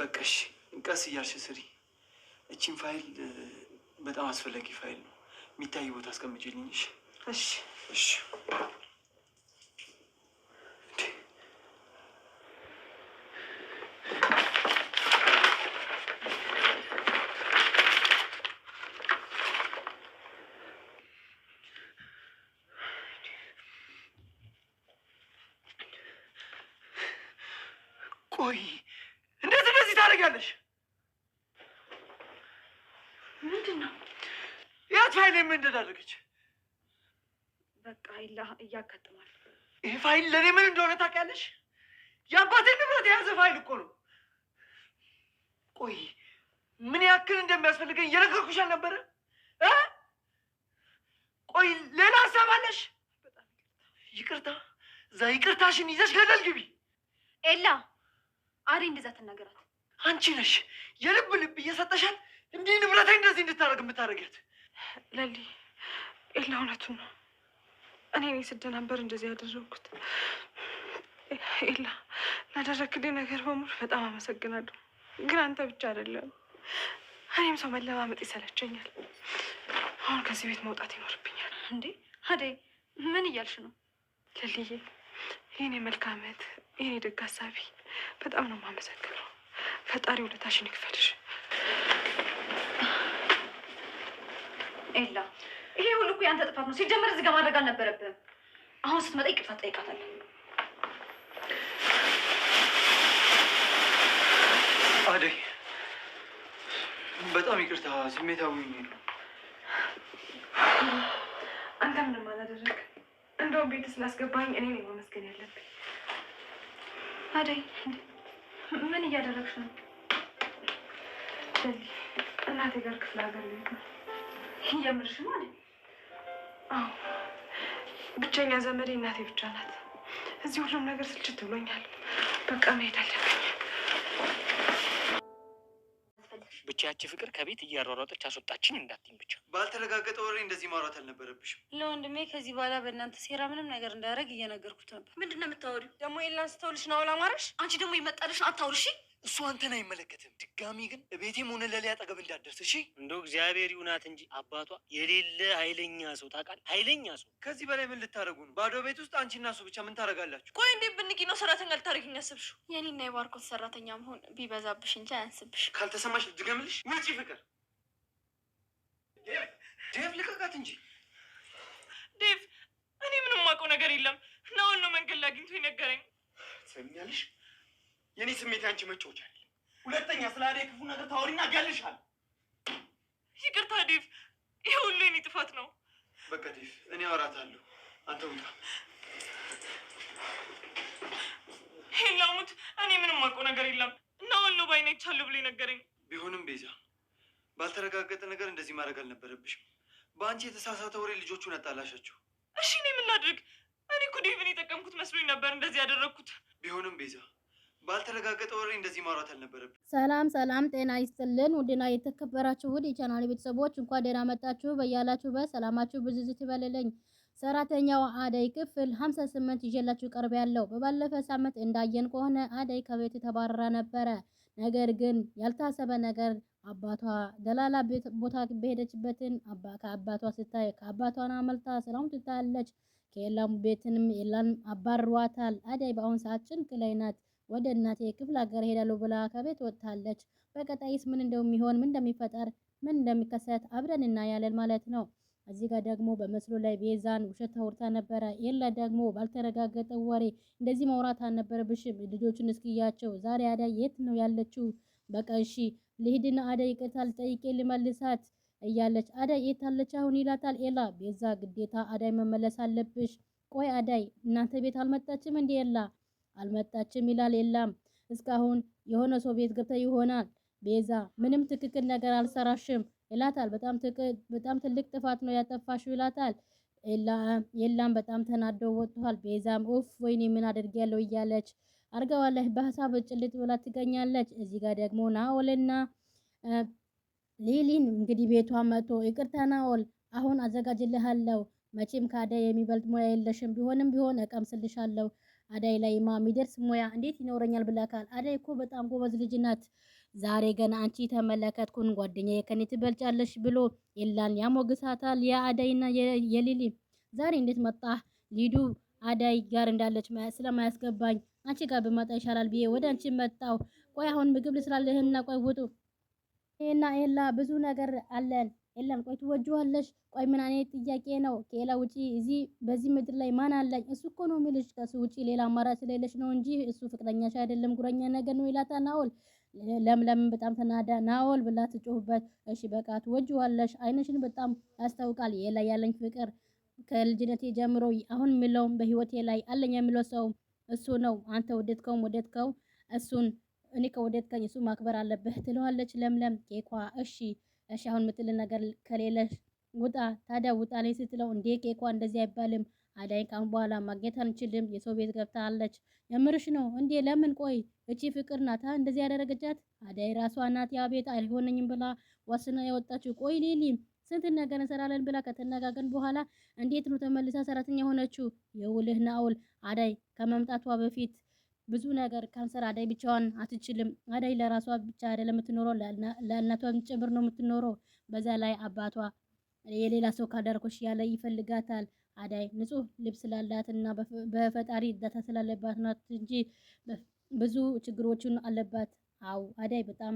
በቃ እሺ፣ ቀስ እያልሽ ስሪ። እቺን ፋይል በጣም አስፈላጊ ፋይል ነው። የሚታይ ቦታ አስቀምጪልኝ። እሺ፣ እሺ። ቆይ ምን እንደዳረገች በቃ ይላ እያጋጥማል። ይህ ፋይል ለእኔ ምን እንደሆነ ታውቂያለሽ? የአባቴን ንብረት የያዘ ፋይል እኮ ነው። ቆይ ምን ያክል እንደሚያስፈልገኝ እየነገርኩሽ አልነበረ? ቆይ ሌላ ሀሳብ አለሽ? ይቅርታ እዛ ይቅርታሽን ይዘሽ ገደል ግቢ። ኤላ አሪ እንደዛ ትናገራት አንቺ ነሽ የልብ ልብ እየሰጠሻል እንዲህ ንብረቴ እንደዚህ እንድታደርግ የምታደርጊያት ለሊ ኤላ እውነቱን ነው። እኔ ስደ ስደናበር እንደዚህ ያደረግኩት ኤላ፣ ላደረግልኝ ነገር በሙሉ በጣም አመሰግናለሁ። ግን አንተ ብቻ አይደለም፣ እኔም ሰው መለማመጥ ይሰለቸኛል። አሁን ከዚህ ቤት መውጣት ይኖርብኛል። እንዴ አደይ፣ ምን እያልሽ ነው? ለልዬ፣ ይህኔ መልካም እህት፣ ይህኔ ደግ አሳቢ፣ በጣም ነው የማመሰግነው። ፈጣሪ ውለታሽን ይክፈልሽ። ኤላ፣ ይሄ ሁሉ እኮ የአንተ ጥፋት ነው። ሲጀምር እዚህ ጋር ማድረግ አልነበረብህም። አሁን ስትመጣ ይቅርታ ትጠይቃታለህ። አደይ፣ በጣም ይቅርታ። ስሜታዊ ነው። አንተ ምንም አላደረግ። እንደውም ቤት ስላስገባኝ እኔ ነው ማመስገን ያለብኝ። አደይ፣ ምን እያደረግሽ ነው? እናቴ ጋር ክፍለ ሀገር የምርሽ ማለት አዎ። ብቸኛ ዘመዴ እናቴ ብቻ ናት። እዚህ ሁሉም ነገር ስልችት ብሎኛል። በቃ መሄድ አለብኝ። ብቻ ያቺ ፍቅር ከቤት እያሯሯጠች አስወጣችኝ እንዳትኝ። ብቻ ባልተረጋገጠ ወሬ እንደዚህ ማውራት አልነበረብሽም። ለወንድሜ ከዚህ በኋላ በእናንተ ሴራ ምንም ነገር እንዳያደርግ እየነገርኩት ነበር። ምንድን ነው የምታወሪው ደግሞ? የላን ስተውልሽ ነው አላማረሽ። አንቺ ደግሞ ይመጣልሽ አታውርሺ እሱ አንተን አይመለከትም። ድጋሚ ግን ቤቴም ሆነ ለሊያ አጠገብ እንዳደርስ እሺ። እንደው እግዚአብሔር ይሁናት እንጂ አባቷ የሌለ ኃይለኛ ሰው ታውቃለህ፣ ኃይለኛ ሰው። ከዚህ በላይ ምን ልታደረጉ ነው? ባዶ ቤት ውስጥ አንቺና እሱ ብቻ ምን ታደረጋላችሁ? ቆይ እንዴት ብንቂ ነው ሰራተኛ ልታደርጊኝ ያስብሽው? የኔና የባርኮት ሰራተኛ መሆን ቢበዛብሽ እንጂ አያንስብሽ። ካልተሰማሽ ልድገምልሽ። ውጪ ፍቅር። ዴቭ ልቀቃት እንጂ ዴቭ። እኔ ምንም አውቀው ነገር የለም። ናሆን ነው መንገድ ላይ አግኝቶ ይነገረኝ። ትሰሚኛለሽ የእኔ ስሜት አንቺ መጫወቻ አይደለም። ሁለተኛ ስለ ክፉ ነገር ታወሪና ገልሻል። ይቅርታ ዴቭ፣ ይህ ሁሉ የኔ ጥፋት ነው። በቃ ዴቭ፣ እኔ አወራታለሁ። አንተ ውጣ። ሄላሙት እኔ ምንም አውቀው ነገር የለም እና ወሎ ባይና ብሎ ነገረኝ። ቢሆንም ቤዛ፣ ባልተረጋገጠ ነገር እንደዚህ ማድረግ አልነበረብሽም። በአንቺ የተሳሳተ ወሬ ልጆቹን አጣላሻቸው። እሺ እኔ ምን ላድርግ? እኔ እኮ ዴቭን የጠቀምኩት መስሎኝ ነበር እንደዚህ ያደረግኩት። ቢሆንም ቤዛ ባልተረጋገጠ ወሬ እንደዚህ ማውራት አልነበረብን። ሰላም ሰላም፣ ጤና ይስጥልን ውድና የተከበራችሁ ውድ የቻናል ቤተሰቦች እንኳን ደህና መጣችሁ። በያላችሁበት ሰላማችሁ ብዝዝት ይበልልኝ። ሰራተኛው አደይ ክፍል 58 ይዤላችሁ ቀርብ ያለው በባለፈ ሳምንት እንዳየን ከሆነ አደይ ከቤት ተባረራ ነበረ። ነገር ግን ያልታሰበ ነገር አባቷ ደላላ ቦታ በሄደችበትን ከአባቷ ስታይ ከአባቷን አመልታ ስራውን ትታለች። ከኤላም ቤትንም ኤላን አባርሯታል። አደይ በአሁን ሰዓት ጭንቅ ላይ ናት። ወደ እናቴ ክፍለ ሀገር ሄዳለሁ ብላ ከቤት ወጥታለች። በቀጣይስ ምን እንደሚሆን ምን እንደሚፈጠር ምን እንደሚከሰት አብረን እናያለን ማለት ነው። እዚህ ጋር ደግሞ በምስሉ ላይ ቤዛን ውሸት አውርታ ነበረ። የለ ደግሞ ባልተረጋገጠ ወሬ እንደዚህ ማውራት አልነበረብሽም። ልጆቹን እስኪያቸው ዛሬ አዳይ የት ነው ያለችው? በቃ እሺ ልሂድና አዳይ ይቅርታ ልጠይቄ ልመልሳት እያለች አዳይ የት አለች አሁን ይላታል ኤላ። ቤዛ ግዴታ አዳይ መመለስ አለብሽ። ቆይ አዳይ እናንተ ቤት አልመጣችም እንዴ? ኤላ አልመጣችም ይላል። የለም እስካሁን የሆነ ሰው ቤት ገብተ ይሆናል። ቤዛ ምንም ትክክል ነገር አልሰራሽም ይላታል። በጣም ትክክል በጣም ትልቅ ጥፋት ነው ያጠፋሽው ይላታል። የላም በጣም ተናዶ ወጥቷል። ቤዛም ኦፍ ወይኔ ምን አድርጌያለሁ እያለች አርገዋለች። በሀሳብ ጭልጥ ብላ ትገኛለች። እዚህ ጋር ደግሞ ናኦልና ሊሊን እንግዲህ ቤቷ መጥቶ ይቅርታ ናኦል፣ አሁን አዘጋጅልሃለሁ መቼም ካደ የሚበልጥ ሙያ የለሽም ቢሆንም ቢሆን እቀምስልሻለሁ አዳይ ላይ የሚደርስ ሙያ እንዴት ይኖረኛል ብላካል። አዳይ እኮ በጣም ጎበዝ ልጅ ናት። ዛሬ ገና አንቺ ተመለከትኩን፣ ጓደኛዬ ከኔ ትበልጫለሽ ብሎ የላን ያሞግሳታል። የአዳይና የሊሊ ዛሬ እንዴት መጣ ሊዱ አዳይ ጋር እንዳለች ስለማያስገባኝ አንቺ ጋር ብመጣ ይሻላል ብዬ ወደ አንቺ መጣው። ቆይ አሁን ምግብ ልስራልህና ቆይ ውጡ። ይህና ይሄላ ብዙ ነገር አለን የለም ቆይ ትወጂዋለሽ፣ ቆይ ምን አይነት ጥያቄ ነው? ከሌላ ውጪ እዚህ በዚህ ምድር ላይ ማን አለኝ? እሱ እኮ ነው የሚልሽ። ከሱ ውጪ ሌላ አማራጭ ስለሌለሽ ነው እንጂ እሱ ፍቅረኛሽ አይደለም፣ ጉረኛ ነገር ነው ይላታል ናኦል። ለምለም በጣም ተናዳ ናኦል ብላ ትጮህበት። እሺ በቃ ትወጂዋለሽ፣ አይንሽን በጣም ያስታውቃል። የላ ያለኝ ፍቅር ከልጅነቴ ጀምሮ አሁን የሚለው በህይወቴ ላይ አለኝ የሚለው ሰው እሱ ነው። አንተ ወደድከውም ወደድከው እሱን እኔ ከወደድከኝ እሱ ማክበር አለብህ ትለዋለች ለምለም ኬኳ እሺ እሺ አሁን የምትልን ነገር ከሌለሽ ውጣ። ታዲያ ውጣ ላይ ስትለው እንዴ ኬኳ እንደዚህ አይባልም፣ አዳይ ካሁን በኋላ ማግኘት አንችልም፣ የሰው ቤት ገብታለች አለች። የምርሽ ነው እንዴ? ለምን? ቆይ እቺ ፍቅር ናታ እንደዚህ ያደረገቻት አዳይ ራሷ ናት። ያ ቤት አልሆነኝም ብላ ዋስና ያወጣችው። ቆይ ሌሊ ስንት ነገር እንሰራለን ብላ ከተነጋገን በኋላ እንዴት ነው ተመልሳ ሰራተኛ የሆነችው? የውልህ ናውል አዳይ ከመምጣቷ በፊት ብዙ ነገር ካንሰር አዳይ ብቻዋን አትችልም። አዳይ ለራሷ ብቻ አይደለም የምትኖረው፣ ለእናቷም ጭምር ነው የምትኖረው። በዛ ላይ አባቷ የሌላ ሰው ካዳርኮሽ ያለ ይፈልጋታል። አዳይ ንጹህ ልብ ስላላትና በፈጣሪ እርዳታ ስላለባት ናት እንጂ ብዙ ችግሮችን አለባት። አው አዳይ በጣም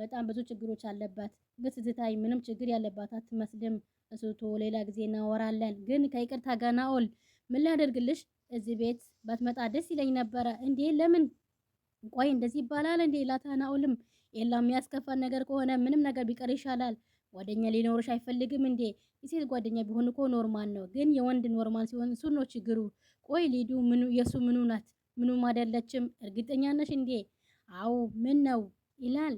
በጣም ብዙ ችግሮች አለባት። ግን ስትታይ ምንም ችግር ያለባት አትመስልም። እሱቶ ሌላ ጊዜ እናወራለን። ግን ከይቅርታ ጋር ናኦል ምን ላደርግልሽ እዚህ ቤት ባትመጣ ደስ ይለኝ ነበረ። እንዴ ለምን ቆይ እንደዚህ ይባላል እንዴ? ላተናውልም ኤላ የሚያስከፋን ነገር ከሆነ ምንም ነገር ቢቀር ይሻላል። ጓደኛ ሊኖርሽ አይፈልግም እንዴ? የሴት ጓደኛ ቢሆን እኮ ኖርማል ነው፣ ግን የወንድ ኖርማል ሲሆን እሱ ነው ችግሩ። ቆይ ሊዱ ምኑ የእሱ ምኑ ናት? ምኑም አይደለችም። እርግጠኛ ነሽ እንዴ? አዎ ምን ነው ይላል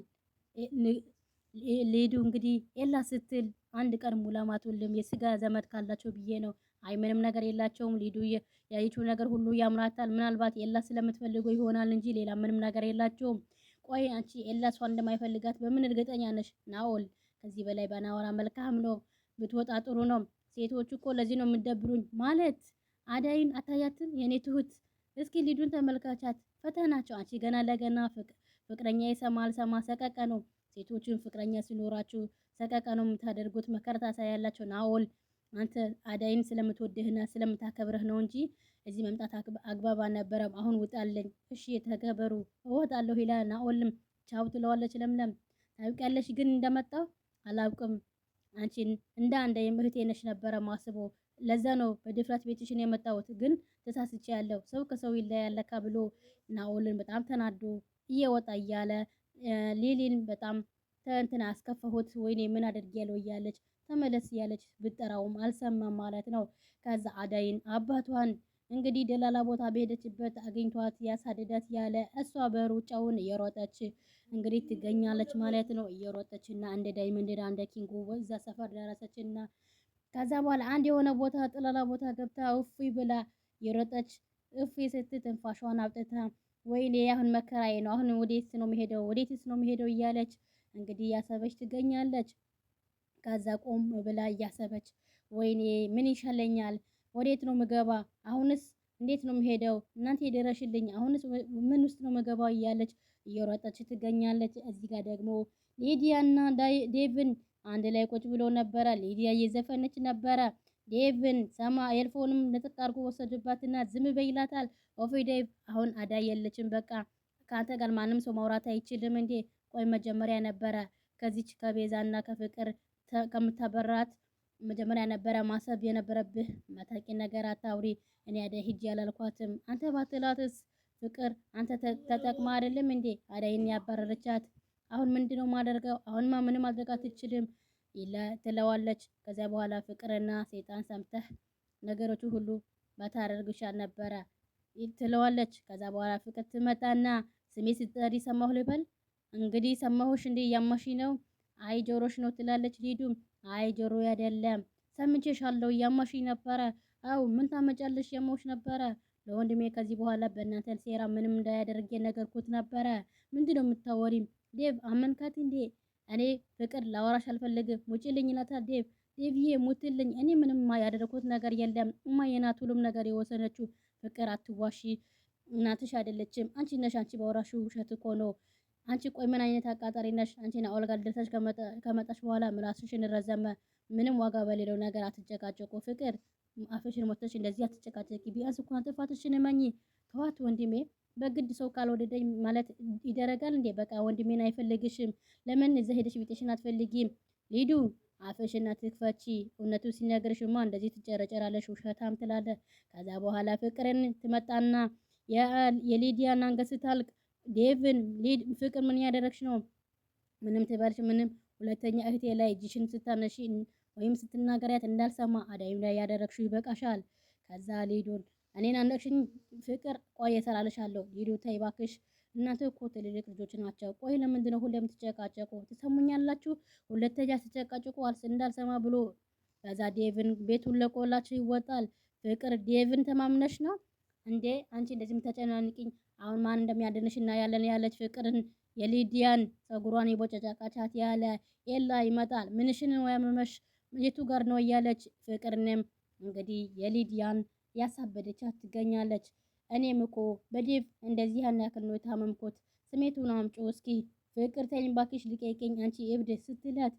ሌዱ እንግዲህ ኤላ ስትል አንድ ቀን ሙላማት ወልም የስጋ ዘመድ ካላቸው ብዬ ነው። አይ ምንም ነገር የላቸውም። ሊዱ ያየችው ነገር ሁሉ ያምራታል። ምናልባት ኤላ ስለምትፈልገው ይሆናል እንጂ ሌላ ምንም ነገር የላቸውም። ቆይ አንቺ ኤላ እሷ እንደማይፈልጋት በምን እርግጠኛ ነሽ? ናኦል ከዚህ በላይ ባናወራ መልካም ነው። ብትወጣ ጥሩ ነው። ሴቶቹ እኮ ለዚህ ነው የምደብሩኝ። ማለት አዳይን አታያትም የኔ ትሁት እስኪ ሊዱን ተመልካቻት። ፈተናቸው አንቺ ገና ለገና ፍቅረኛ የሰማል ሰማ ሰቀቀ ነው ሴቶችን ፍቅረኛ ሲኖራችሁ ሰቀቀ ነው የምታደርጉት። መከራ ታሳያላችሁ። ናኦል አንተ አዳይን ስለምትወድህና ስለምታከብርህ ነው እንጂ እዚህ መምጣት አግባብ አልነበረም። አሁን ውጣለኝ። እሺ የተከበሩ እወጣለሁ ይላል ናኦልም ቻው ትለዋለች። ለምለም ታውቂያለሽ ግን እንደመጣው አላውቅም። አንቺን እንደ አንድ እህቴ ነሽ ነበረ ማስቦ ለዛ ነው በድፍረት ቤትሽን የመጣሁት። ግን ተሳስቼ ያለው ሰው ከሰው ይለያለካ ብሎ ናኦልን በጣም ተናዶ እየወጣ እያለ ሌሊን በጣም ተንትን አስከፈሁት። ወይኔ ምን አድርጌያለሁ እያለች ተመለስ እያለች ብጠራውም አልሰማም ማለት ነው። ከዛ አዳይን አባቷን እንግዲህ ደላላ ቦታ በሄደችበት አግኝቷት ያሳደዳት ያለ እሷ በሩጫውን እየሮጠች እንግዲህ ትገኛለች ማለት ነው። እየሮጠች እና እንደ ዳይመንድና እንደ ኪንጉ እዛ ሰፈር ደረሰች እና ከዛ በኋላ አንድ የሆነ ቦታ ጥላላ ቦታ ገብታ እፉይ ብላ የሮጠች እፉይ ስትል ትንፋሿን አውጥታ ወይኔ አሁን መከራዬ ነው፣ አሁን ወዴት ነው የሚሄደው፣ ወዴትስ ነው የሚሄደው እያለች እንግዲህ እያሰበች ትገኛለች። ከዛ ቆም ብላ እያሰበች ወይኔ ምን ይሻለኛል፣ ወዴት ነው ምገባ፣ አሁንስ እንዴት ነው የሚሄደው፣ እናንተ የደረሽልኝ፣ አሁንስ ምን ውስጥ ነው ምገባው እያለች እየሮጠች ትገኛለች። እዚህ ጋር ደግሞ ሊዲያ እና ዴቭን አንድ ላይ ቁጭ ብሎ ነበረ። ሊዲያ እየዘፈነች ነበረ። ዴቭን ሰማ ኤልፎንም ነጥቅ አድርጎ ወሰደባትና ዝም በይላታል። ኦፊዴ አሁን አዳይ የለችም። በቃ ከአንተ ጋር ማንም ሰው ማውራት አይችልም እንዴ? ቆይ መጀመሪያ ነበረ ከዚች ከቤዛና ከፍቅር ከምታበራት መጀመሪያ ነበረ ማሰብ የነበረብህ። መታቂ ነገር አታውሪ። እኔ አዳይ ሂጂ ያላልኳትም አንተ ባትላትስ ፍቅር አንተ ተጠቅማ አይደለም እንዴ አዳይን ያባረረቻት? አሁን ምንድነው ማደርገው? አሁንማ ምንም አድርጋ ትችልም ትለዋለች። ከዚያ በኋላ ፍቅርና ሴጣን ሰምተህ ነገሮቹ ሁሉ ባታደርግሻል ነበረ ትለዋለች። ከዛ በኋላ ፍቅር ትመጣና ስሜ ስትጠሪ ሰማሁ ልበል እንግዲህ ሰማሁሽ እንዴ እያማሽ ነው? አይ ጆሮሽ ነው ትላለች። ሊዱም አይ ጆሮ አይደለም ሰምቼሻለሁ፣ እያማሽ ነበረ። አው ምን ታመጫለሽ? ያማሽ ነበረ። ለወንድሜ ከዚህ በኋላ በእናንተ ሴራ ምንም እንዳያደርግ ነገርኩት ነበረ። ምንድነው የምታወሪም? ዴቭ አመንካት እንዴ? እኔ ፍቅር ላወራሽ አልፈልግም፣ ሙጭልኝ ይላታል ዴቭ። ዴቭዬ ሙትልኝ፣ እኔ ምንም ያደረኩት ነገር የለም እማዬ ናት ሁሉም ነገር የወሰነችው ፍቅር አትዋሺ፣ እናትሽ አይደለችም፣ አንቺ ነሽ። አንቺ ባወራሽ ውሸት እኮ ነው። አንቺ ቆይ ምን አይነት አቃጣሪ ነሽ? አንቺና ኦልጋ ልደርሰሽ ከመጣሽ በኋላ ምላስሽን ረዘመ። ምንም ዋጋ በሌለው ነገር አትጨቃጨቁ። ፍቅር አፍሽን ሞተሽ እንደዚህ አትጨቃጨቂ። ቢያንስ እንኳን ጥፋትሽን እመኚ። ተዋት ወንድሜ። በግድ ሰው ካልወደደኝ ማለት ይደረጋል እንዴ? በቃ ወንድሜን አይፈልግሽም። ለምን እዛ ሄደሽ ቢጤሽን አትፈልጊም? ሊዱ አፍሽን አትክፈቺ፣ እውነቱ ሲነግርሽማ እንደዚህ ትጨረጨራለሽ፣ ውሸታም ትላለ። ከዛ በኋላ ፍቅርን ትመጣና የሊዲያን አንገት ስታልቅ ዴቭን ፍቅር ምን ያደረግሽ ነው? ምንም ትበልሽ ምንም፣ ሁለተኛ እህቴ ላይ እጅሽን ስታነሺ ወይም ስትናገሪያት እንዳልሰማ አዳይም ላይ ያደረግሽው ይበቃሻል። ከዛ ሊዱን እኔን አንደቅሽኝ ፍቅር ቆይ እሰራልሻለሁ ሊዱ ተይ እባክሽ እናንተ እኮ ትልልቅ ልጆች ናቸው። ቆይ ለምንድን ነው ሁሌ የምትጨቃጨቁ? ትሰሙኛላችሁ? ሁለተኛ አልስ እንዳልሰማ ብሎ ከዛ ዴቭን ቤቱን ለቆላችሁ ይወጣል። ፍቅር ዴቭን ተማምነሽ ነው እንዴ አንቺ እንደዚህ የምታጨናንቂኝ? አሁን ማን እንደሚያድንሽ እናያለን ያለች ፍቅርን የሊዲያን ጸጉሯን የቦጨጫቃቻት ያለ ኤላ ይመጣል። ምንሽን ነው ያመመሽ? የቱ ጋር ነው እያለች ፍቅርንም እንግዲህ የሊዲያን ያሳበደቻት ትገኛለች። እኔም እኮ በዴቭ እንደዚህ ያናክል ነው የታመምኩት። ስሜቱን አምጪ እስኪ ፍቅር ተይኝ ባክሽ ልቀቂኝ አንቺ እብድ ስትላት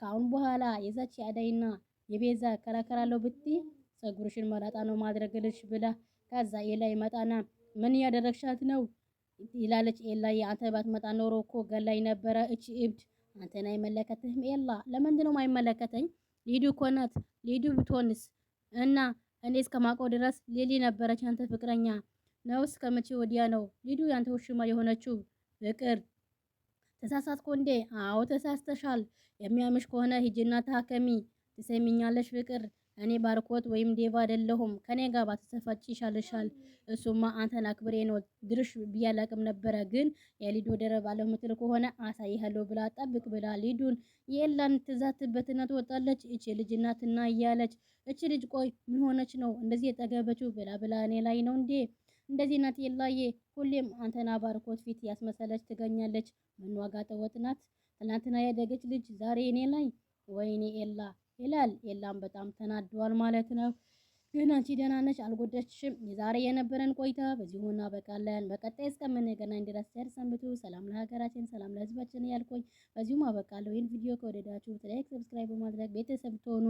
ከአሁን በኋላ የዛች የአዳይና የቤዛ ከራከራለው ብትይ ጸጉርሽን መላጣ ነው ማድረግልሽ ብላ ከዛ ኤላ ይመጣና ምን ያደረግሻት ነው ይላለች። ኤላ የአንተ ባትመጣ ኖሮ እኮ ገላይ ነበረ እቺ እብድ። አንተን አይመለከትህም ኤላ። ለምንድን ነው አይመለከተኝ? ሊዱ እኮ ናት። ሊዱ ብትሆንስ እና እኔ እስከማውቀው ድረስ ሌሊ ነበረች አንተ ፍቅረኛ ነውስ እስከ መቼ ወዲያ ነው ሊዱ ያንተ ውሽማ የሆነችው? ፍቅር ተሳሳትኩ እንዴ? አዎ ተሳስተሻል። የሚያምሽ ከሆነ ሂጅና ታከሚ። ትሰሚኛለሽ ፍቅር እኔ ባርኮት ወይም ዴቭ አይደለሁም። ከኔ ጋር ባትሰፋጭ ይሻልሻል። እሱማ አንተን አክብሬ ነው ድርሽ ብያላቅም ነበረ። ግን የሊዱ ደረብ አለሁ ከሆነ አሳይሃለሁ ብላ ጠብቅ ብላ ሊዱን የላን ትዛትበትና ትወጣለች። እቺ ልጅ እናትና እያለች እቺ ልጅ ቆይ ምን ሆነች ነው እንደዚህ የጠገበችው? ብላ ብላ እኔ ላይ ነው እንዴ እንደዚህ ናት የላዬ። ሁሌም አንተና ባርኮት ፊት ያስመሰለች ትገኛለች። ምን ዋጋ ጠወጥ ናት። ትናንትና ያደገች ልጅ ዛሬ እኔ ላይ ወይኔ ኤላ ይላል። ኤላም በጣም ተናደዋል ማለት ነው። ግን አንቺ ደህና ነሽ አልጎዳችሽም። የዛሬ የነበረን ቆይታ በዚሁ እናበቃለን። በቀጣይ እስከምንገናኝ ድረስ ቸር ሰንብቱ። ሰላም ለሀገራችን፣ ሰላም ለሕዝባችን እያልኩኝ በዚሁም አበቃለሁ። ይህን ቪዲዮ ከወደዳችሁ ላይክ፣ ሰብስክራይብ በማድረግ ቤተሰብ ትሆኑ